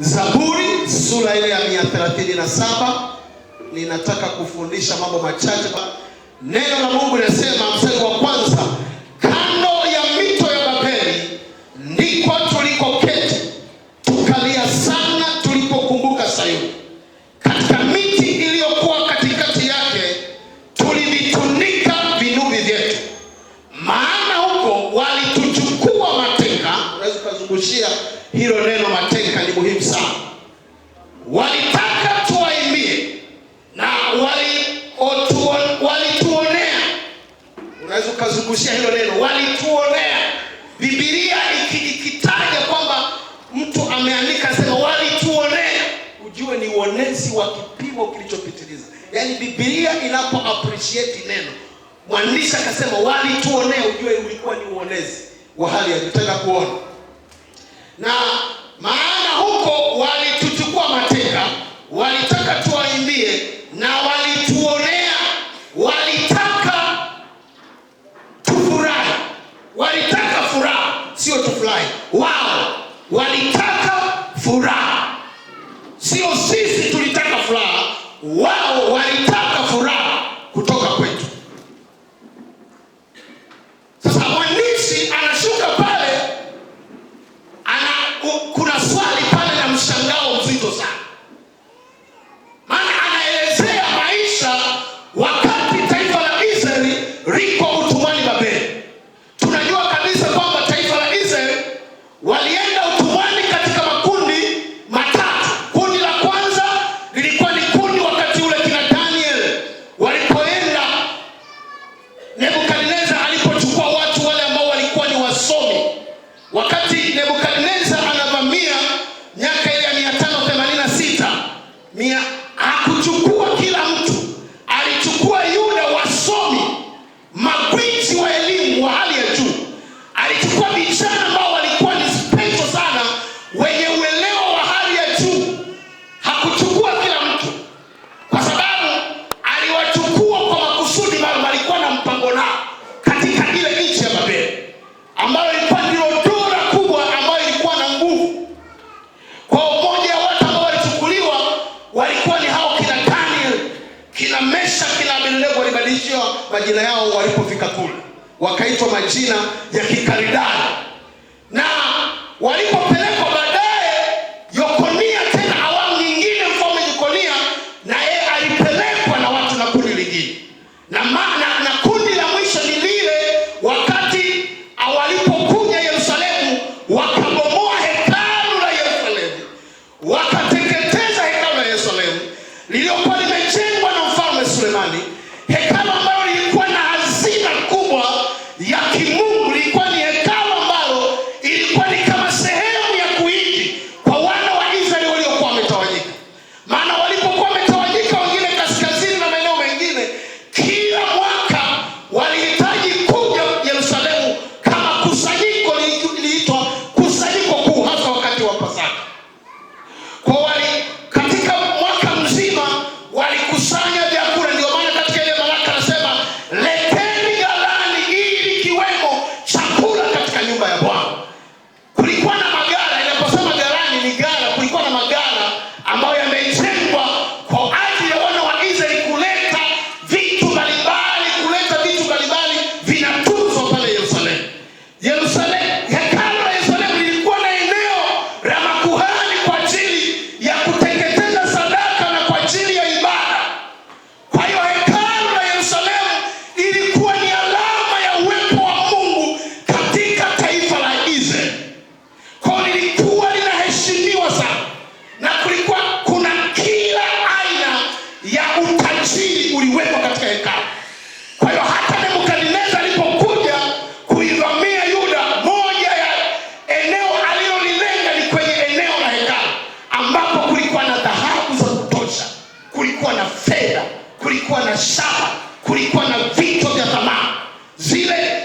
Zaburi sura ile ya 137 ninataka kufundisha mambo machache. Neno la Mungu linasema mstari wa kwanza nilizungumzia hilo neno, walituonea. Biblia ikitaja kwamba mtu ameandika sema walituonea, ujue ni uonezi wa kipimo kilichopitiliza. Yaani Biblia inapo appreciate neno mwandishi akasema walituonea, ujue ulikuwa ni uonezi wa hali ya kutaka kuona na wao walitaka furaha, sio sisi tulitaka furaha, wao walitaka wakaitwa majina ya kikaridani na walipo utajiri uliwekwa katika hekalu. Kwa hiyo hata Nebukadnezar alipokuja kuivamia Yuda, moja ya eneo alilolilenga ni kwenye eneo la hekalu, ambapo kulikuwa na dhahabu za kutosha, kulikuwa na fedha, kulikuwa na shaba, kulikuwa na vito vya thamani zile